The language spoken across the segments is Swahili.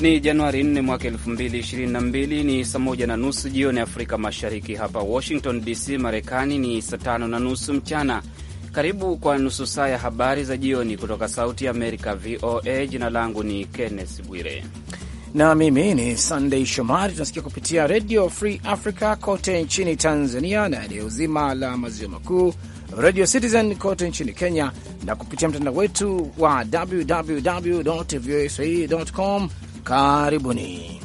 Ni Januari 4 mwaka 2022, ni saa moja na nusu jioni Afrika Mashariki. Hapa Washington DC, Marekani ni saa tano na nusu mchana. Karibu kwa nusu saa ya habari za jioni kutoka Sauti Amerika, VOA. Jina langu ni Kenneth Bwire na mimi ni Sunday Shomari. Tunasikia kupitia Redio Free Africa kote nchini Tanzania na eneo zima la maziwa makuu, Radio Citizen kote nchini Kenya, na kupitia mtandao wetu wa www voa swahili com Karibuni.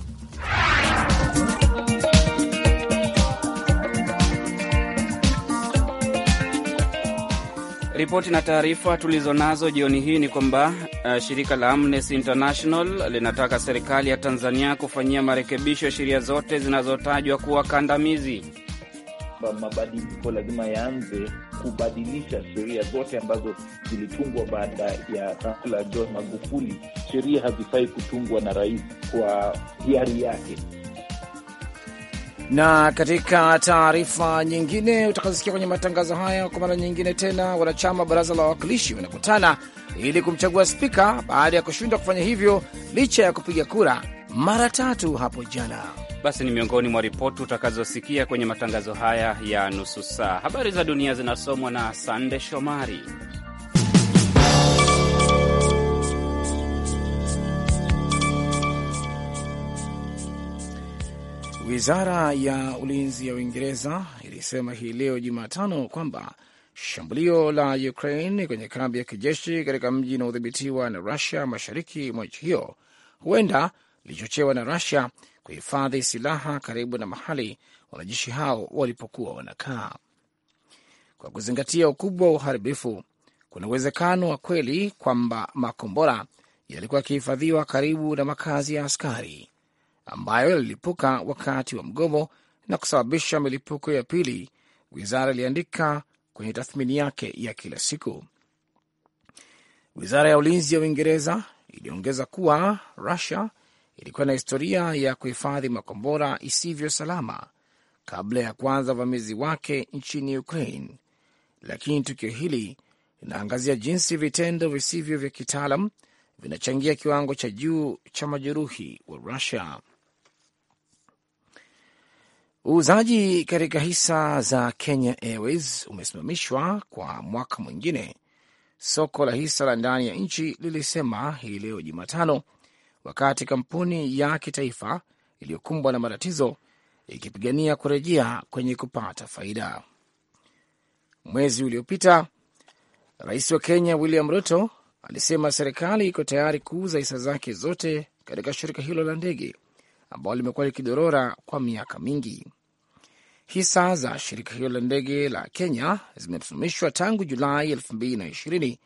Ripoti na taarifa tulizonazo jioni hii ni kwamba uh, shirika la Amnesty International linataka serikali ya Tanzania kufanyia marekebisho sheria zote zinazotajwa kuwa kandamizi mabadiliko lazima yaanze kubadilisha sheria zote ambazo zilitungwa baada ya la John Magufuli. Sheria hazifai kutungwa na rais kwa hiari yake. Na katika taarifa nyingine utakazosikia kwenye matangazo haya, kwa mara nyingine tena, wanachama baraza la wawakilishi wanakutana ili kumchagua spika baada ya kushindwa kufanya hivyo licha ya kupiga kura mara tatu hapo jana. Basi ni miongoni mwa ripoti utakazosikia kwenye matangazo haya ya nusu saa. Habari za dunia zinasomwa na Sande Shomari. Wizara ya ulinzi ya Uingereza ilisema hii leo Jumatano kwamba shambulio la Ukraine kwenye kambi ya kijeshi katika mji unaodhibitiwa na Rusia mashariki mwa nchi hiyo huenda lilichochewa na Rusia kuhifadhi silaha karibu na mahali wanajeshi hao walipokuwa wanakaa. Kwa kuzingatia ukubwa wa uharibifu, kuna uwezekano wa kweli kwamba makombora yalikuwa yakihifadhiwa karibu na makazi ya askari ambayo yalilipuka wakati wa mgomo na kusababisha milipuko ya pili, wizara iliandika kwenye tathmini yake ya kila siku. Wizara ya ulinzi ya Uingereza iliongeza kuwa Rusia ilikuwa na historia ya kuhifadhi makombora isivyo salama kabla ya kuanza uvamizi wake nchini Ukraine, lakini tukio hili linaangazia jinsi vitendo visivyo vya kitaalam vinachangia kiwango cha juu cha majeruhi wa Rusia. Uuzaji katika hisa za Kenya Airways umesimamishwa kwa mwaka mwingine, soko la hisa la ndani ya nchi lilisema hii leo Jumatano, wakati kampuni ya kitaifa iliyokumbwa na matatizo ikipigania kurejea kwenye kupata faida. Mwezi uliopita, rais wa Kenya William Ruto alisema serikali iko tayari kuuza hisa zake zote katika shirika hilo la ndege ambalo limekuwa likidorora kwa miaka mingi. Hisa za shirika hilo la ndege la Kenya zimesimamishwa tangu Julai 2020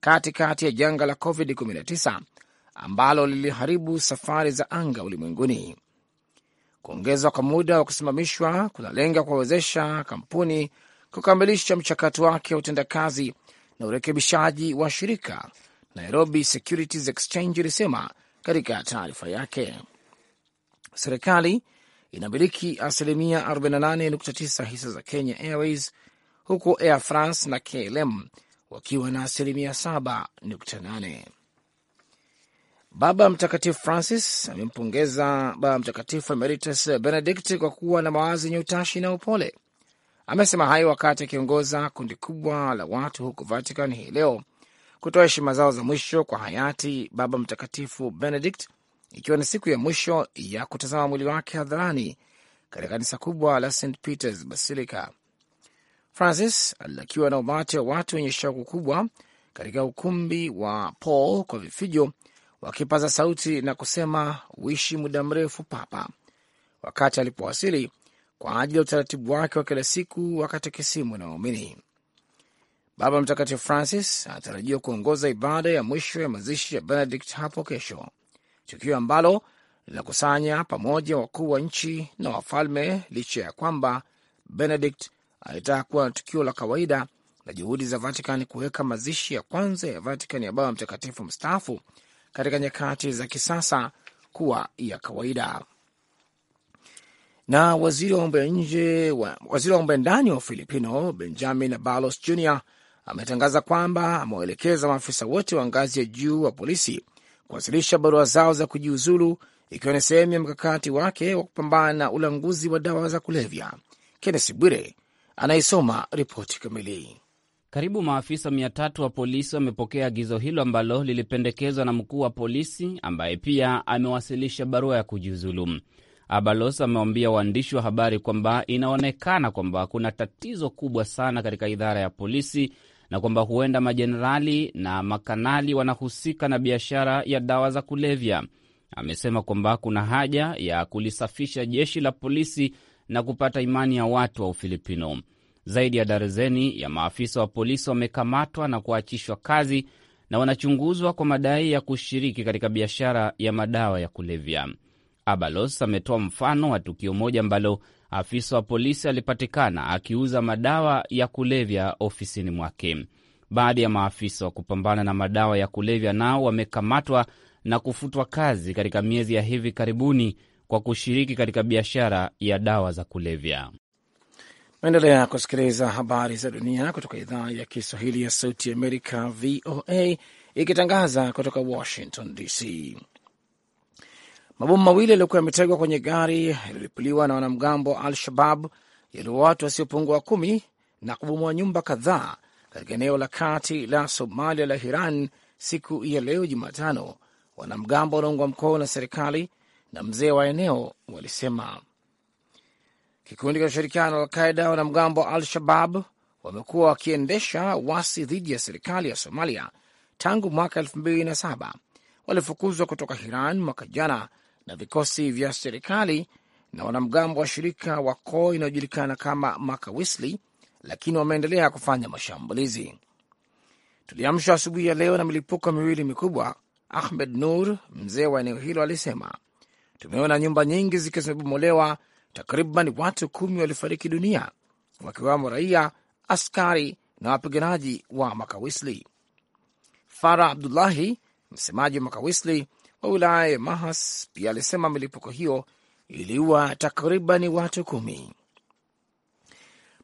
katikati ya janga la COVID-19 ambalo liliharibu safari za anga ulimwenguni. Kuongezwa kwa muda wa kusimamishwa kunalenga kuwawezesha kampuni kukamilisha mchakato wake wa utendakazi na urekebishaji wa shirika, Nairobi Securities Exchange ilisema katika taarifa yake. Serikali inamiliki asilimia 48.9 hisa za Kenya Airways, huku Air France na KLM wakiwa na asilimia 7.8. Baba Mtakatifu Francis amempongeza Baba Mtakatifu Emeritus Benedict kwa kuwa na mawazo yenye utashi na upole. Amesema hayo wakati akiongoza kundi kubwa la watu huko Vatican hii leo kutoa heshima zao za mwisho kwa hayati Baba Mtakatifu Benedict, ikiwa ni siku ya mwisho ya kutazama mwili wake hadharani katika kanisa kubwa la St Peters Basilica. Francis alilakiwa na umati wa watu wenye shauku kubwa katika ukumbi wa Paul kwa vifijo wakipaza sauti na kusema uishi muda mrefu papa, wakati alipowasili kwa ajili ya utaratibu wake wa kila siku wakati kisimu na waumini. Baba Mtakatifu Francis anatarajiwa kuongoza ibada ya mwisho ya mazishi ya Benedict hapo kesho, tukio ambalo linakusanya pamoja wakuu wa nchi na wafalme, licha ya kwamba Benedict alitaka kuwa na tukio la kawaida na juhudi za Vatican kuweka mazishi ya kwanza ya Vatican ya Baba Mtakatifu mstaafu katika nyakati za kisasa kuwa ya kawaida. Na waziri wa mambo ya nje wa, waziri wa mambo ya ndani wa Filipino Benjamin Abalos Jr ametangaza kwamba amewaelekeza maafisa wote wa ngazi ya juu wa polisi kuwasilisha barua zao za kujiuzulu ikiwa ni sehemu ya mkakati wake wa kupambana na ulanguzi wa dawa za kulevya. kennesi Bwire anaisoma ripoti kamili. Karibu maafisa mia tatu wa polisi wamepokea agizo hilo ambalo lilipendekezwa na mkuu wa polisi ambaye pia amewasilisha barua ya kujiuzulu. Abalos amewaambia waandishi wa habari kwamba inaonekana kwamba kuna tatizo kubwa sana katika idara ya polisi na kwamba huenda majenerali na makanali wanahusika na biashara ya dawa za kulevya. Amesema kwamba kuna haja ya kulisafisha jeshi la polisi na kupata imani ya watu wa Ufilipino. Zaidi ya darzeni ya maafisa wa polisi wamekamatwa na kuachishwa kazi na wanachunguzwa kwa madai ya kushiriki katika biashara ya madawa ya kulevya. Abalos ametoa mfano wa tukio moja ambalo afisa wa polisi alipatikana akiuza madawa ya kulevya ofisini mwake. Baadhi ya maafisa wa kupambana na madawa ya kulevya nao wamekamatwa na kufutwa kazi katika miezi ya hivi karibuni kwa kushiriki katika biashara ya dawa za kulevya. Naendelea kusikiliza habari za dunia kutoka idhaa ya Kiswahili ya Sauti Amerika, VOA, ikitangaza kutoka Washington DC. Mabomu mawili yaliyokuwa yametegwa kwenye gari yaliyolipuliwa na wanamgambo wa Al-Shabab yaliua watu wasiopungua kumi na kubomoa nyumba kadhaa katika eneo la kati la Somalia la Hiran siku ya leo Jumatano, wanamgambo wanaungwa mkono na serikali na mzee wa eneo walisema. Kikundi kinachoshirikiana na Alqaida wanamgambo wa Al-Shabab wamekuwa wakiendesha wasi dhidi ya serikali ya Somalia tangu mwaka saba walifukuzwa kutoka Hiran mwaka jana na vikosi vya serikali na wanamgambo wa shirika wa koo inayojulikana kama Makawisli, lakini wameendelea kufanya mashambulizi. Tuliamshwa asubuhi ya leo na milipuko miwili mikubwa, Ahmed Nur, mzee wa eneo hilo, alisema tumeona nyumba nyingi zimebomolewa takriban watu kumi walifariki dunia wakiwamo raia, askari na wapiganaji wa Makawisli. fara Abdullahi, msemaji wa Makawisli wa wilaya ya Mahas, pia alisema milipuko hiyo iliua takriban watu kumi.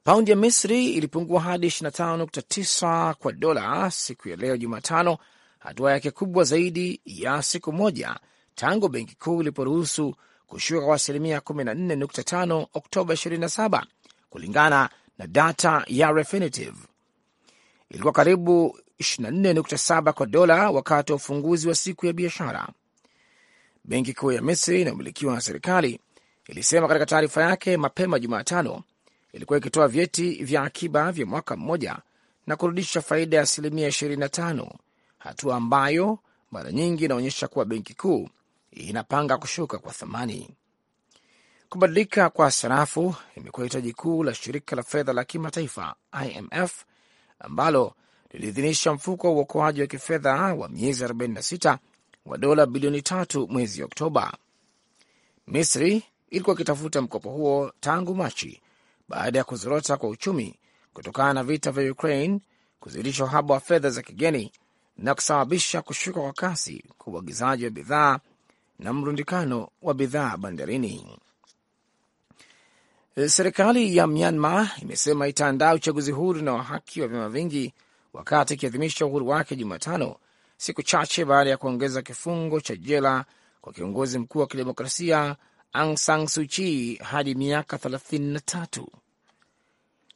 Paundi ya Misri ilipungua hadi 25.9 kwa dola siku ya leo Jumatano, hatua yake kubwa zaidi ya siku moja tangu benki kuu iliporuhusu kushuka kwa asilimia 14.5 Oktoba 27 kulingana na data ya Refinitiv. Ilikuwa karibu 24.7 kwa dola wakati wa ufunguzi wa siku ya biashara. Benki Kuu ya Misri inayomilikiwa na serikali ilisema katika taarifa yake mapema Jumatano ilikuwa ikitoa vyeti vya akiba vya mwaka mmoja na kurudisha faida ya asilimia 25, hatua ambayo mara nyingi inaonyesha kuwa benki kuu inapanga kushuka kwa thamani. Kubadilika kwa sarafu imekuwa hitaji kuu la shirika la fedha la kimataifa IMF ambalo liliidhinisha mfuko wa uokoaji wa kifedha wa miezi 46 wa dola bilioni tatu mwezi Oktoba. Misri ilikuwa ikitafuta mkopo huo tangu Machi baada ya kuzorota kwa uchumi kutokana na vita vya Ukraine, kuzidisha uhaba wa fedha za kigeni na kusababisha kushuka kwa kasi kwa uagizaji wa bidhaa na mrundikano wa bidhaa bandarini. Serikali ya Myanmar imesema itaandaa uchaguzi huru na wa haki wa vyama vingi wakati ikiadhimisha uhuru wake Jumatano, siku chache baada ya kuongeza kifungo cha jela kwa kiongozi mkuu wa kidemokrasia Aung San Suu Kyi hadi miaka 33.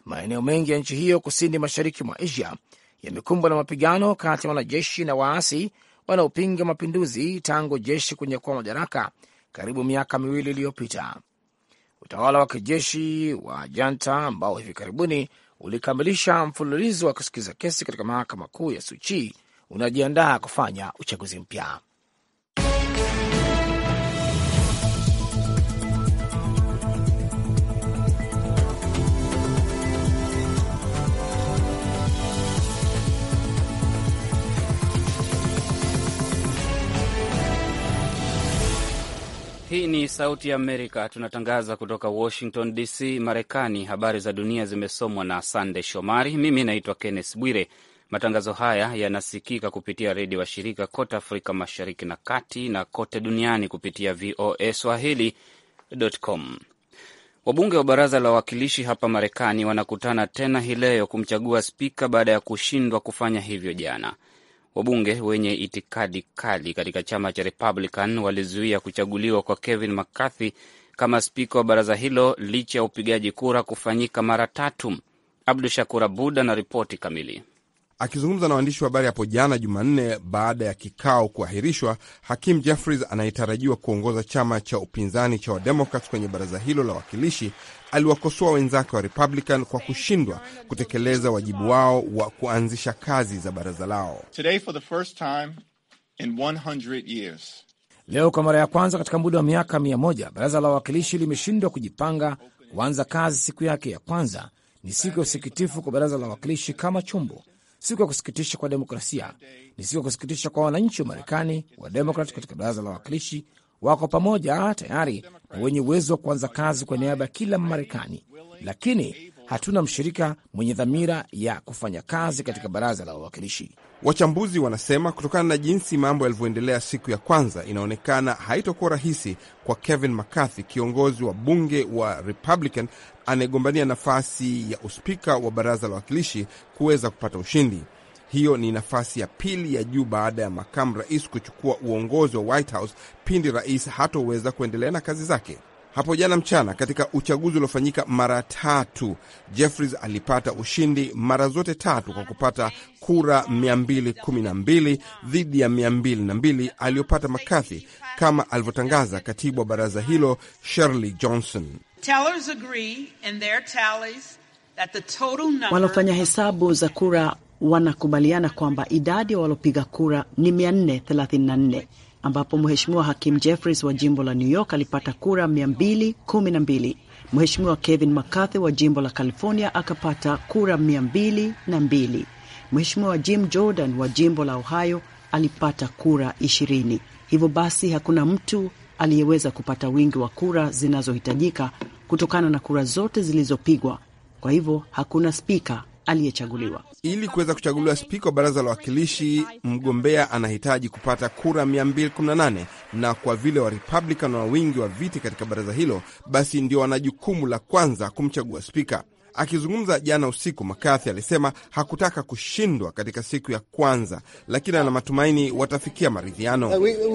Maeneo mengi ya nchi hiyo kusini mashariki mwa Asia yamekumbwa na mapigano kati ya wanajeshi na waasi wanaopinga mapinduzi tangu jeshi kunyakua madaraka karibu miaka miwili iliyopita. Utawala wa kijeshi wa janta ambao hivi karibuni ulikamilisha mfululizo wa kusikiza kesi katika mahakama kuu ya Suchi unajiandaa kufanya uchaguzi mpya. Hii ni Sauti ya Amerika, tunatangaza kutoka Washington DC, Marekani. Habari za dunia zimesomwa na Sande Shomari. Mimi naitwa Kenneth Bwire. Matangazo haya yanasikika kupitia redio wa shirika kote Afrika Mashariki na Kati na kote duniani kupitia VOA Swahili.com. Wabunge wa baraza la wawakilishi hapa Marekani wanakutana tena hii leo kumchagua spika baada ya kushindwa kufanya hivyo jana. Wabunge wenye itikadi kali katika chama cha Republican walizuia kuchaguliwa kwa Kevin McCarthy kama spika wa baraza hilo licha ya upigaji kura kufanyika mara tatu. Abdu Shakur Abud ana ripoti kamili. Akizungumza na waandishi wa habari hapo jana Jumanne baada ya kikao kuahirishwa, Hakim Jeffries anayetarajiwa kuongoza chama cha upinzani cha Wademokrat kwenye baraza hilo la wawakilishi aliwakosoa wenzake wa Republican kwa kushindwa kutekeleza wajibu wao wa kuanzisha kazi za baraza lao. Today for the first time in 100 years. Leo kwa mara ya kwanza katika muda wa miaka mia moja baraza la wawakilishi limeshindwa kujipanga kuanza kazi. Siku yake ya kwanza ni siku ya usikitifu kwa baraza la wawakilishi kama chombo siku ya kusikitisha kwa demokrasia, ni siku ya kusikitisha kwa wananchi wa Marekani. Wa Demokrat katika baraza la wawakilishi wako pamoja, tayari na wenye uwezo wa kuanza kazi kwa niaba ya kila Mmarekani, lakini hatuna mshirika mwenye dhamira ya kufanya kazi katika baraza la wawakilishi. Wachambuzi wanasema kutokana na jinsi mambo yalivyoendelea siku ya kwanza, inaonekana haitokuwa rahisi kwa Kevin McCarthy, kiongozi wa bunge wa Republican anayegombania nafasi ya uspika wa baraza la wawakilishi, kuweza kupata ushindi. Hiyo ni nafasi ya pili ya juu baada ya makamu rais kuchukua uongozi wa White House pindi rais hatoweza kuendelea na kazi zake hapo jana mchana katika uchaguzi uliofanyika mara tatu. Jeffries alipata ushindi mara zote tatu kwa kupata kura 212 dhidi ya 202 aliyopata McCarthy, kama alivyotangaza katibu wa baraza hilo Shirley Johnson. Wanaofanya hesabu za kura wanakubaliana kwamba idadi ya walopiga kura ni 434 ambapo mheshimiwa Hakim Jeffries wa jimbo la New York alipata kura 212. Mheshimiwa Kevin McCarthy wa jimbo la California akapata kura 202. Mheshimiwa Jim Jordan wa jimbo la Ohio alipata kura 20. Hivyo basi hakuna mtu aliyeweza kupata wingi wa kura zinazohitajika kutokana na kura zote zilizopigwa. Kwa hivyo hakuna spika aliyechaguliwa. Ili kuweza kuchaguliwa spika wa baraza la wawakilishi, mgombea anahitaji kupata kura 218 na kwa vile wa Republican wingi wa viti katika baraza hilo, basi ndio wana jukumu la kwanza kumchagua spika. Akizungumza jana usiku, McCarthy alisema hakutaka kushindwa katika siku ya kwanza, lakini ana matumaini watafikia maridhiano. Uh,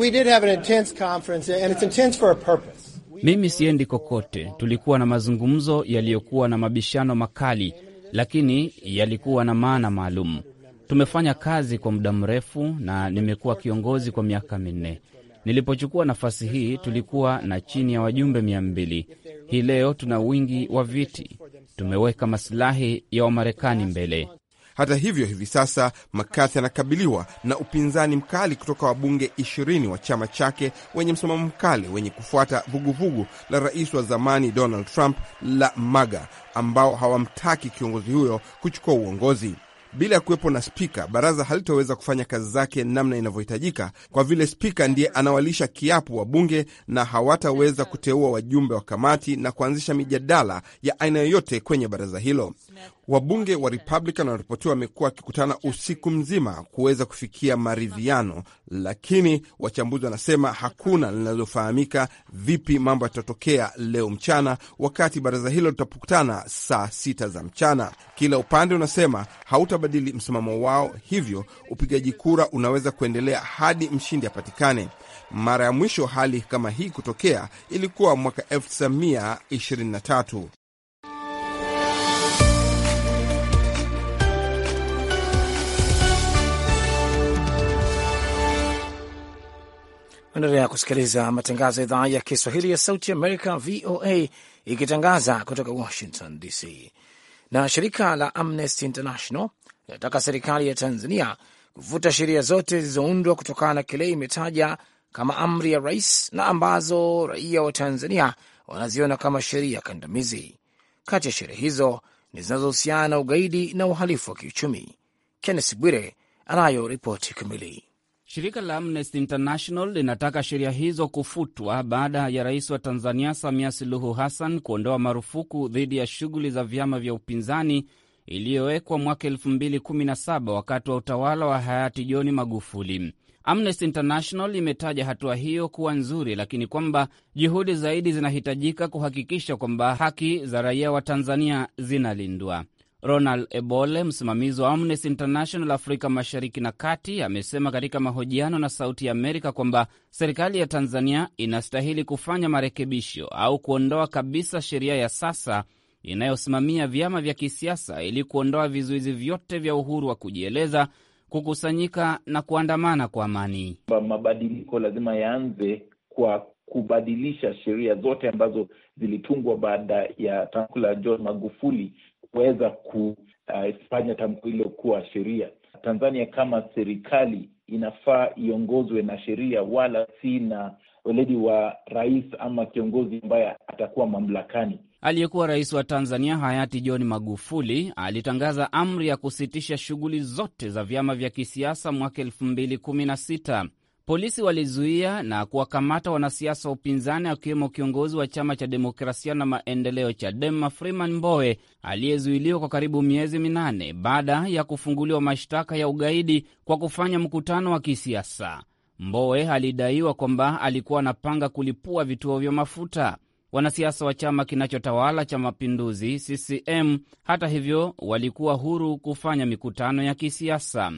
Mimi siendi kokote, tulikuwa na mazungumzo yaliyokuwa na mabishano makali lakini yalikuwa na maana maalum. Tumefanya kazi kwa muda mrefu na nimekuwa kiongozi kwa miaka minne. Nilipochukua nafasi hii tulikuwa na chini ya wajumbe mia mbili. Hii leo tuna wingi wa viti. Tumeweka masilahi ya Wamarekani mbele. Hata hivyo, hivi sasa Makathi anakabiliwa na upinzani mkali kutoka wabunge ishirini wa chama chake wenye msimamo mkali wenye kufuata vuguvugu la rais wa zamani Donald Trump la MAGA ambao hawamtaki kiongozi huyo kuchukua uongozi. Bila ya kuwepo na spika, baraza halitoweza kufanya kazi zake namna inavyohitajika, kwa vile spika ndiye anawalisha kiapu wa bunge na hawataweza kuteua wajumbe wa kamati na kuanzisha mijadala ya aina yoyote kwenye baraza hilo. Wabunge wa Republican wanaripotiwa wamekuwa wakikutana usiku mzima kuweza kufikia maridhiano, lakini wachambuzi wanasema hakuna linalofahamika vipi mambo yatatokea leo mchana, wakati baraza hilo litapokutana saa sita za mchana. Kila upande unasema hautabadili msimamo wao, hivyo upigaji kura unaweza kuendelea hadi mshindi apatikane. Mara ya mwisho hali kama hii kutokea ilikuwa mwaka 1923. kusikiliza matangazo ya idhaa ya Kiswahili ya Sauti Amerika, VOA, ikitangaza kutoka Washington DC. Na shirika la Amnesty International linataka serikali ya Tanzania kufuta sheria zote zilizoundwa kutokana na kile imetaja kama amri ya rais na ambazo raia wa Tanzania wanaziona kama sheria kandamizi. Kati ya sheria hizo ni zinazohusiana na ugaidi na uhalifu wa kiuchumi. kennes Bwire anayo ripoti kamili. Shirika la Amnesty International linataka sheria hizo kufutwa baada ya rais wa Tanzania Samia Suluhu Hassan kuondoa marufuku dhidi ya shughuli za vyama vya upinzani iliyowekwa mwaka 2017 wakati wa utawala wa hayati John Magufuli. Amnesty International imetaja hatua hiyo kuwa nzuri, lakini kwamba juhudi zaidi zinahitajika kuhakikisha kwamba haki za raia wa Tanzania zinalindwa. Ronald Ebole, msimamizi wa Amnesty International Afrika Mashariki na Kati, amesema katika mahojiano na Sauti ya Amerika kwamba serikali ya Tanzania inastahili kufanya marekebisho au kuondoa kabisa sheria ya sasa inayosimamia vyama vya kisiasa ili kuondoa vizuizi vyote vya uhuru wa kujieleza, kukusanyika na kuandamana kwa amani. Mabadiliko lazima yaanze kwa kubadilisha sheria zote ambazo zilitungwa baada ya tanku la John Magufuli kuweza kufanya tamko hilo kuwa sheria. Tanzania kama serikali inafaa iongozwe na sheria, wala si na weledi wa rais ama kiongozi ambaye atakuwa mamlakani. Aliyekuwa rais wa Tanzania hayati John Magufuli alitangaza amri ya kusitisha shughuli zote za vyama vya kisiasa mwaka elfu mbili kumi na sita. Polisi walizuia na kuwakamata wanasiasa wa upinzani akiwemo kiongozi wa chama cha demokrasia na maendeleo CHADEMA Freeman Mbowe aliyezuiliwa kwa karibu miezi minane baada ya kufunguliwa mashtaka ya ugaidi kwa kufanya mkutano wa kisiasa. Mbowe alidaiwa kwamba alikuwa anapanga kulipua vituo vya mafuta. Wanasiasa wa chama kinachotawala cha mapinduzi CCM, hata hivyo, walikuwa huru kufanya mikutano ya kisiasa.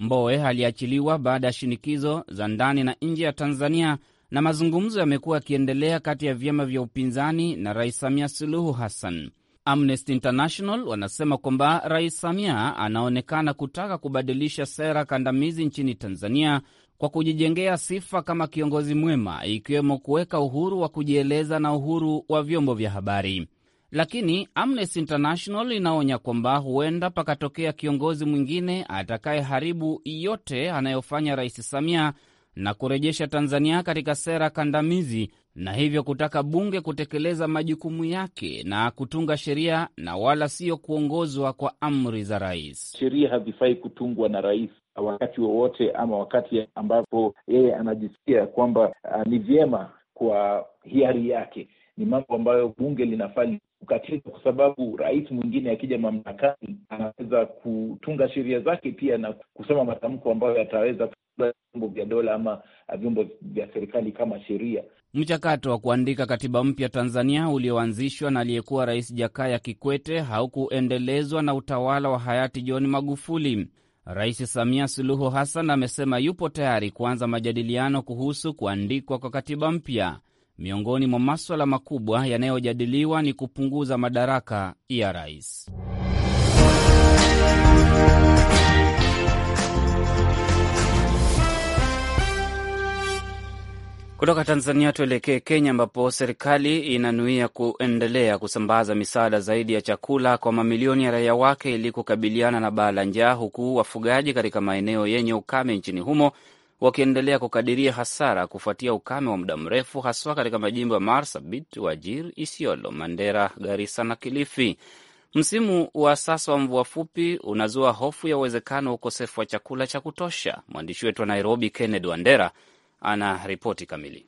Mbowe aliachiliwa baada ya shinikizo za ndani na nje ya Tanzania, na mazungumzo yamekuwa yakiendelea kati ya vyama vya upinzani na Rais Samia Suluhu Hassan. Amnesty International wanasema kwamba Rais Samia anaonekana kutaka kubadilisha sera kandamizi nchini Tanzania kwa kujijengea sifa kama kiongozi mwema, ikiwemo kuweka uhuru wa kujieleza na uhuru wa vyombo vya habari lakini Amnesty International inaonya kwamba huenda pakatokea kiongozi mwingine atakayeharibu yote anayofanya Rais Samia na kurejesha Tanzania katika sera kandamizi na hivyo kutaka bunge kutekeleza majukumu yake na kutunga sheria na wala siyo kuongozwa kwa amri za rais. Sheria havifai kutungwa na rais wakati wowote wa ama wakati ambapo yeye anajisikia kwamba uh, ni vyema kwa hiari yake. Ni mambo ambayo bunge linafaa kukatizwa, kwa sababu rais mwingine akija mamlakani anaweza kutunga sheria zake pia na kusema matamko ambayo yataweza vyombo vya dola ama vyombo vya serikali kama sheria. Mchakato wa kuandika katiba mpya Tanzania ulioanzishwa na aliyekuwa rais Jakaya Kikwete haukuendelezwa na utawala wa hayati John Magufuli. Rais Samia Suluhu Hassan amesema yupo tayari kuanza majadiliano kuhusu kuandikwa kwa katiba mpya. Miongoni mwa maswala makubwa yanayojadiliwa ni kupunguza madaraka ya rais. Kutoka Tanzania tuelekee Kenya, ambapo serikali inanuia kuendelea kusambaza misaada zaidi ya chakula kwa mamilioni ya raia wake ili kukabiliana na baa la njaa, huku wafugaji katika maeneo yenye ukame nchini humo wakiendelea kukadiria hasara kufuatia ukame wa muda mrefu haswa katika majimbo ya Marsabit, Wajir, Isiolo, Mandera, garisa na Kilifi. Msimu wa sasa wa mvua fupi unazua hofu ya uwezekano wa ukosefu wa chakula cha kutosha. Mwandishi wetu wa Nairobi, Kenneth Wandera, ana ripoti kamili.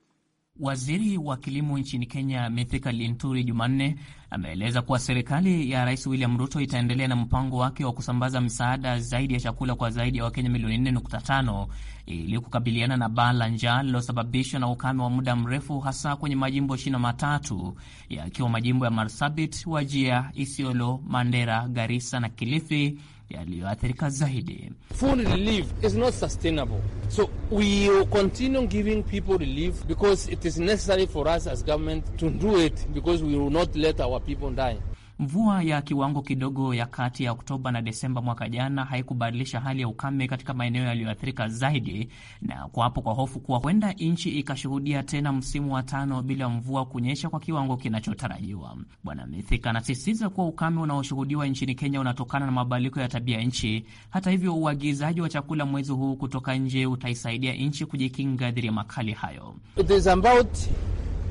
Waziri wa kilimo nchini Kenya, Mithika Linturi, Jumanne ameeleza kuwa serikali ya Rais William Ruto itaendelea na mpango wake wa kusambaza misaada zaidi ya chakula kwa zaidi ya Wakenya milioni 4.5 ili kukabiliana na baa la njaa lililosababishwa na ukame wa muda mrefu, hasa kwenye majimbo ishirini na matatu yakiwa majimbo ya Marsabit, Wajia, Isiolo, Mandera, Garisa na Kilifi yaliyoathirika zaidi. Food relief is not sustainable. So we will continue giving people relief because it is necessary for us as government to do it because we will not let our people die. Mvua ya kiwango kidogo ya kati ya Oktoba na Desemba mwaka jana haikubadilisha hali ya ukame katika maeneo yaliyoathirika zaidi, na kuwapo kwa hofu kuwa huenda nchi ikashuhudia tena msimu wa tano bila mvua kunyesha kwa kiwango kinachotarajiwa. Bwana Mithika anasisitiza kuwa ukame unaoshuhudiwa nchini Kenya unatokana na mabadiliko ya tabia nchi. Hata hivyo, uagizaji wa chakula mwezi huu kutoka nje utaisaidia nchi kujikinga dhidi ya makali hayo. It is about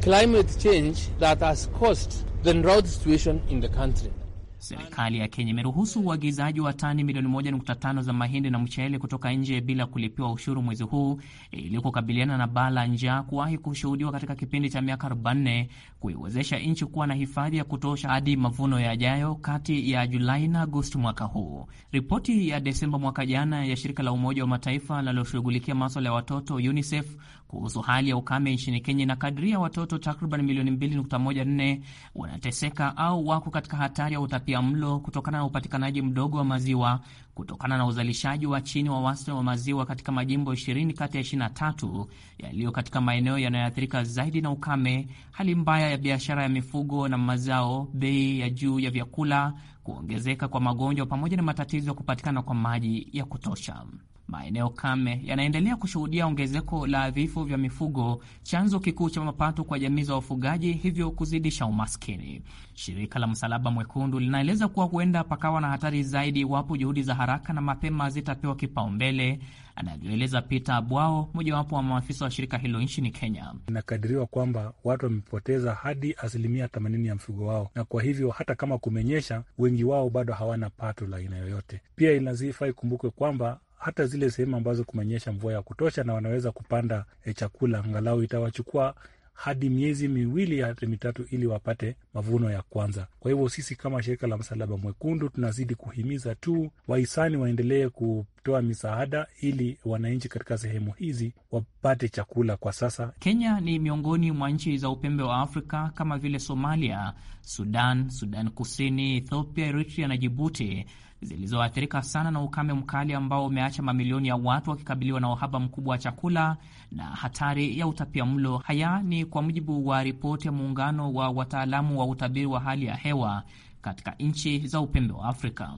climate change that has caused the drought situation in the country. Serikali ya Kenya imeruhusu uagizaji wa tani milioni 1.5 za mahindi na mchele kutoka nje bila kulipiwa ushuru mwezi huu ili kukabiliana na baa la njaa kuwahi kushuhudiwa katika kipindi cha miaka 4 kuiwezesha nchi kuwa na hifadhi ya kutosha hadi mavuno yajayo kati ya Julai na Agosti mwaka huu. Ripoti ya Desemba mwaka jana ya shirika la Umoja wa Mataifa linaloshughulikia maswala ya watoto UNICEF kuhusu hali ya ukame nchini Kenya inakadiria watoto takriban milioni 2.14 wanateseka au wako katika hatari ya utapia mlo kutokana na upatikanaji mdogo wa maziwa kutokana na uzalishaji wa chini wa wastani wa maziwa katika majimbo 20 kati ya 23 yaliyo katika maeneo yanayoathirika zaidi na ukame, hali mbaya ya biashara ya mifugo na mazao, bei ya juu ya vyakula, kuongezeka kwa magonjwa pamoja na matatizo ya kupatikana kwa maji ya kutosha maeneo kame yanaendelea kushuhudia ongezeko la vifo vya mifugo, chanzo kikuu cha mapato kwa jamii za wafugaji, hivyo kuzidisha umaskini. Shirika la Msalaba Mwekundu linaeleza kuwa huenda pakawa na hatari zaidi iwapo juhudi za haraka na mapema zitapewa kipaumbele, anavyoeleza Peter Bwao, mojawapo wa maafisa wa shirika hilo nchini Kenya. Inakadiriwa kwamba watu wamepoteza hadi asilimia 80 ya mfugo wao, na kwa hivyo hata kama kumenyesha, wengi wao bado hawana pato la aina yoyote. Pia inazifaa ikumbukwe kwamba hata zile sehemu ambazo kumenyesha mvua ya kutosha, na wanaweza kupanda eh, chakula. Angalau itawachukua hadi miezi miwili hadi mitatu ili wapate mavuno ya kwanza. Kwa hivyo sisi kama shirika la Msalaba Mwekundu tunazidi kuhimiza tu wahisani waendelee kutoa misaada ili wananchi katika sehemu hizi wapate chakula kwa sasa. Kenya ni miongoni mwa nchi za upembe wa Afrika kama vile Somalia, Sudan, Sudan Kusini, Ethiopia, Eritrea na Jibuti zilizoathirika sana na ukame mkali ambao umeacha mamilioni ya watu wakikabiliwa na uhaba mkubwa wa chakula na hatari ya utapia mlo. Haya ni kwa mujibu wa ripoti ya muungano wa wataalamu wa utabiri wa hali ya hewa katika nchi za upembe wa Afrika.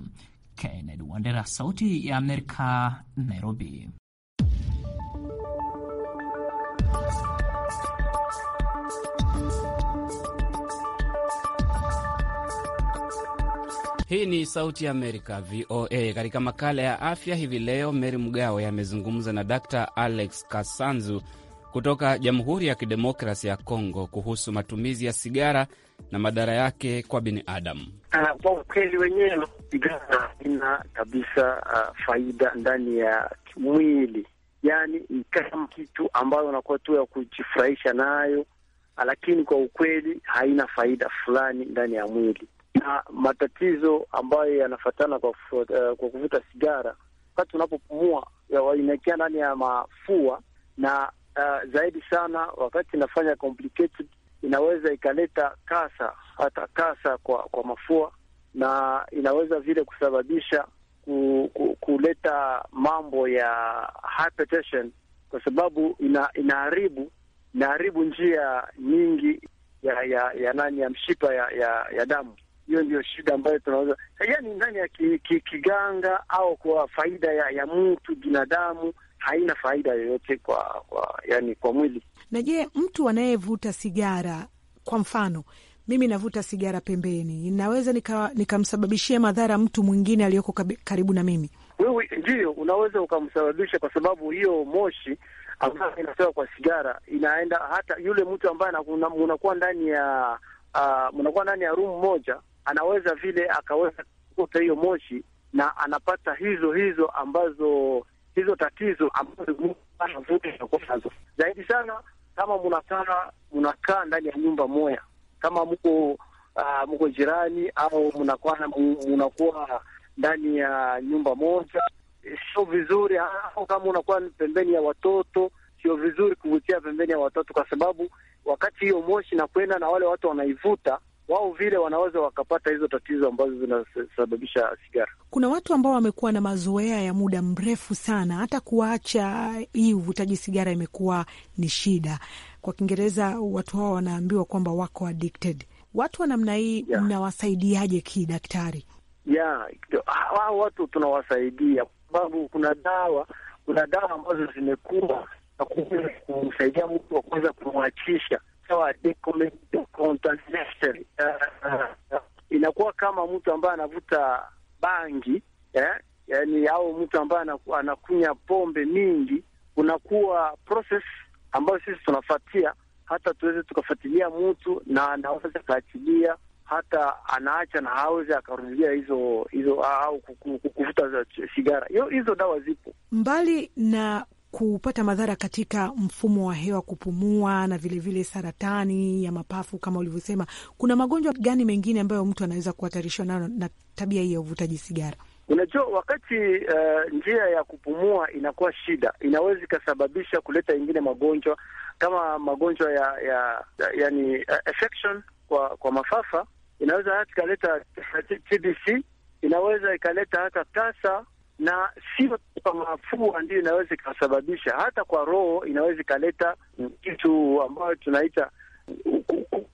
Kennedy Wandera, Sauti ya Amerika, Nairobi. Hii ni Sauti ya Amerika, VOA. Katika makala ya afya hivi leo, Meri Mgawe amezungumza na Dr Alex Kasanzu kutoka Jamhuri ya Kidemokrasi ya Kongo kuhusu matumizi ya sigara na madhara yake kwa binadamu. Ah, kwa ukweli wenyewe, sigara haina kabisa uh, faida ndani ya mwili, yaani ni kama kitu ambayo unakuwa tu ya kujifurahisha nayo, lakini kwa ukweli haina faida fulani ndani ya mwili na matatizo ambayo yanafatana kwa, uh, kwa kuvuta sigara. Wakati unapopumua inaingia ndani ya mafua na uh, zaidi sana wakati inafanya complicated, inaweza ikaleta kasa, hata kasa kwa kwa mafua, na inaweza vile kusababisha ku, ku, kuleta mambo ya hypertension, kwa sababu ina, inaharibu inaharibu njia nyingi ya ya, ya nani ya mshipa ya, ya, ya damu hiyo ndio shida ambayo tunaweza yaani, ndani ya ki, ki, kiganga au kwa faida ya, ya mtu binadamu haina faida yoyote kwa, kwa yani kwa mwili. Na je, mtu anayevuta sigara kwa mfano, mimi navuta sigara pembeni, naweza nikamsababishia nika madhara mtu mwingine aliyoko karibu na mimi? Wewe ndiyo unaweza ukamsababisha, kwa sababu hiyo moshi ambayo inatoka kwa sigara inaenda hata yule mtu ambaye unakuwa ndani ya uh, ah, mnakuwa ndani ya room moja anaweza vile akaweza kukuta hiyo moshi na anapata hizo hizo ambazo hizo tatizo ambazo nazo zaidi sana. Kama mnakaa mnakaa ndani ya nyumba moya, kama mko uh, mko jirani au mnakuwa mnakuwa ndani ya nyumba moja, sio vizuri. Ah, au kama unakuwa pembeni ya watoto, sio vizuri kuvutia pembeni ya watoto, kwa sababu wakati hiyo moshi nakwenda na wale watu wanaivuta wao vile wanaweza wakapata hizo tatizo ambazo zinasababisha sigara. Kuna watu ambao wamekuwa na mazoea ya muda mrefu sana, hata kuacha hii uvutaji sigara imekuwa ni shida. Kwa Kiingereza watu hao wanaambiwa kwamba wako addicted. Watu wa namna hii yeah, mnawasaidiaje kidaktari? Yeah, hao watu tunawasaidia kwa sababu kuna dawa, kuna dawa ambazo zimekuwa na kumsaidia mtu wa kuweza kumwachisha inaitwa Uh, eh, inakuwa kama mtu ambaye anavuta bangi eh, yani au mtu ambaye anakunya pombe mingi, kunakuwa process ambayo sisi tunafuatia hata tuweze tukafuatilia mtu na anaweza akaachilia hata anaacha na aweze akarudia hizo hizo au kuvuta sigara. hizo dawa zipo. Mbali na kupata madhara katika mfumo wa hewa, kupumua na vilevile vile saratani ya mapafu kama ulivyosema. Kuna magonjwa gani mengine ambayo mtu anaweza kuhatarishwa nayo na tabia hii ya uvutaji sigara? Unajua, wakati uh, njia ya kupumua inakuwa shida, inaweza ikasababisha kuleta yingine magonjwa kama magonjwa ya, ya, ya yani, uh, infection kwa kwa mafafa, inaweza hata ikaleta TBC, inaweza ikaleta hata tasa na sio kwa mafua ndio inaweza ikasababisha, hata kwa roho inaweza ikaleta kitu ambayo tunaita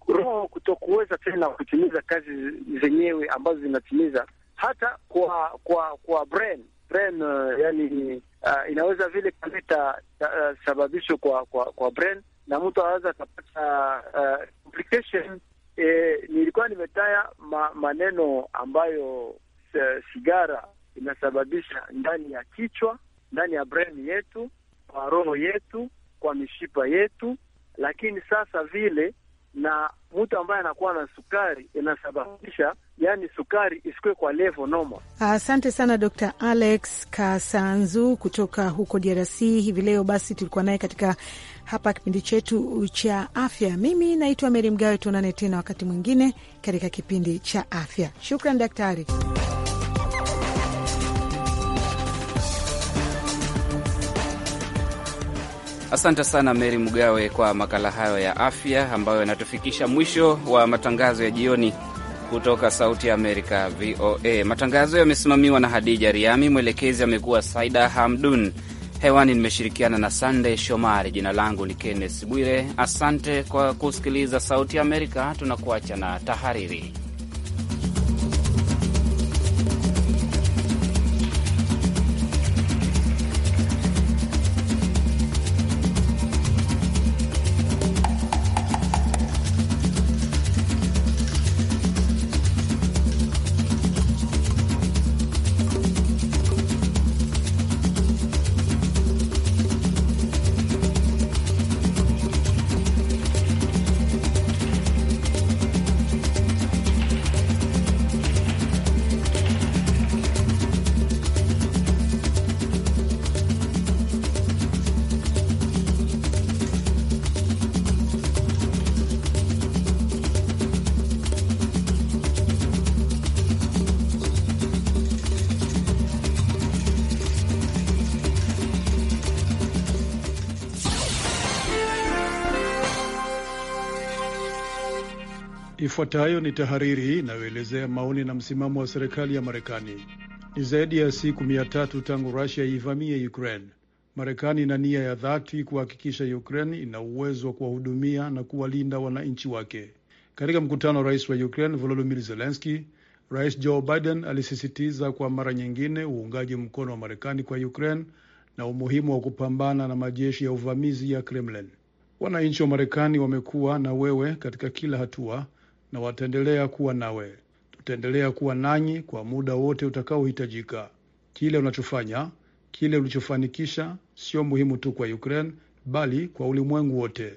roho kutokuweza tena kutimiza kazi zenyewe ambazo zinatimiza, hata kwa kwa kwa brain brain, uh, yani uh, inaweza vile kaleta uh, sababisho kwa kwa kwa brain, na mtu anaweza akapata uh, complication. eh, nilikuwa nimetaya ma, maneno ambayo uh, sigara inasababisha ndani ya kichwa, ndani ya brain yetu, kwa roho yetu, kwa mishipa yetu. Lakini sasa vile na mtu ambaye anakuwa na sukari inasababisha yani sukari isikuwe kwa levo noma. Asante sana Dr. Alex Kasanzu kutoka huko DRC hivi leo. Basi tulikuwa naye katika hapa kipindi chetu cha afya. Mimi naitwa Meri Mgawe, tuonane tena wakati mwingine katika kipindi cha afya. Shukran daktari. Asante sana Meri Mgawe kwa makala hayo ya afya ambayo yanatufikisha mwisho wa matangazo ya jioni kutoka Sauti ya Amerika, VOA. Matangazo yamesimamiwa na Hadija Riami, mwelekezi amekuwa Saida Hamdun. Hewani nimeshirikiana na Sandey Shomari. Jina langu ni Kennes Bwire. Asante kwa kusikiliza Sauti ya Amerika. Tunakuacha na tahariri. Ifuatayo ni tahariri inayoelezea maoni na msimamo wa serikali ya Marekani. Ni zaidi ya siku mia tatu tangu Rusia iivamie Ukraine. Marekani ina nia ya dhati kuhakikisha Ukraine ina uwezo wa kuwahudumia na kuwalinda wananchi wake. Katika mkutano wa rais wa Ukraine volodimir zelenski Rais Joe Biden alisisitiza kwa mara nyingine uungaji mkono wa Marekani kwa Ukraine na umuhimu wa kupambana na majeshi ya uvamizi ya Kremlin. Wananchi wa Marekani wamekuwa na wewe katika kila hatua, na wataendelea kuwa nawe. Tutaendelea kuwa nanyi kwa muda wote utakaohitajika. Kile unachofanya, kile ulichofanikisha sio muhimu tu kwa Ukraine bali kwa ulimwengu wote.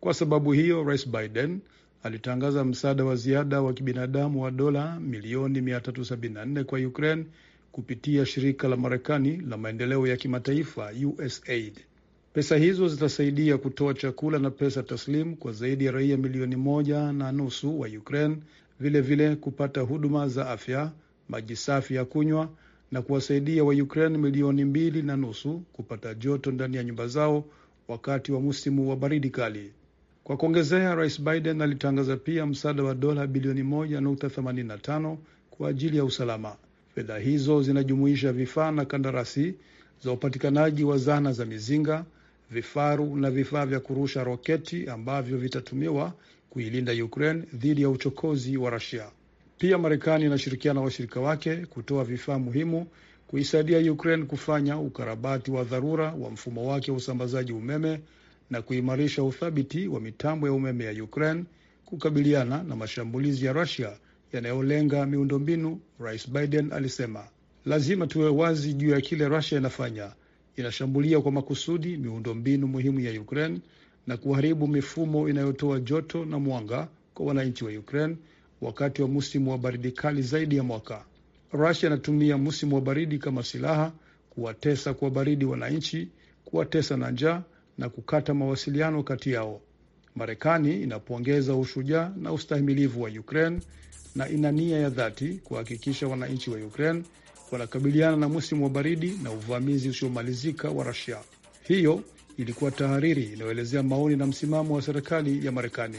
Kwa sababu hiyo, Rais Biden alitangaza msaada wa ziada wa kibinadamu wa dola milioni 374 kwa Ukraine kupitia shirika la Marekani la maendeleo ya kimataifa USAID. Pesa hizo zitasaidia kutoa chakula na pesa taslimu kwa zaidi ya raia milioni moja na nusu wa Ukraine, vilevile kupata huduma za afya, maji safi ya kunywa na kuwasaidia wa Ukraine milioni mbili na nusu kupata joto ndani ya nyumba zao wakati wa msimu wa baridi kali. Kwa kuongezea, Rais Biden alitangaza pia msaada wa dola bilioni 1.85 kwa ajili ya usalama. Fedha hizo zinajumuisha vifaa na kandarasi za upatikanaji wa zana za mizinga vifaru na vifaa vya kurusha roketi ambavyo vitatumiwa kuilinda Ukraine dhidi ya uchokozi wa rasia Pia Marekani inashirikiana na washirika wake kutoa vifaa muhimu kuisaidia Ukraine kufanya ukarabati wa dharura wa mfumo wake wa usambazaji umeme na kuimarisha uthabiti wa mitambo ya umeme ya Ukraine kukabiliana na mashambulizi ya rasia yanayolenga miundombinu. Rais Biden alisema, lazima tuwe wazi juu ya kile rasia inafanya inashambulia kwa makusudi miundombinu muhimu ya Ukraine na kuharibu mifumo inayotoa joto na mwanga kwa wananchi wa Ukraine wakati wa msimu wa baridi kali zaidi ya mwaka. rasia inatumia msimu wa baridi kama silaha kuwatesa kwa baridi wananchi, kuwatesa na njaa na kukata mawasiliano kati yao. Marekani inapongeza ushujaa na ustahimilivu wa Ukraine na ina nia ya dhati kuhakikisha wananchi wa Ukraine wanakabiliana na msimu wa baridi na uvamizi usiomalizika wa Rusia. Hiyo ilikuwa tahariri inayoelezea maoni na msimamo wa serikali ya Marekani.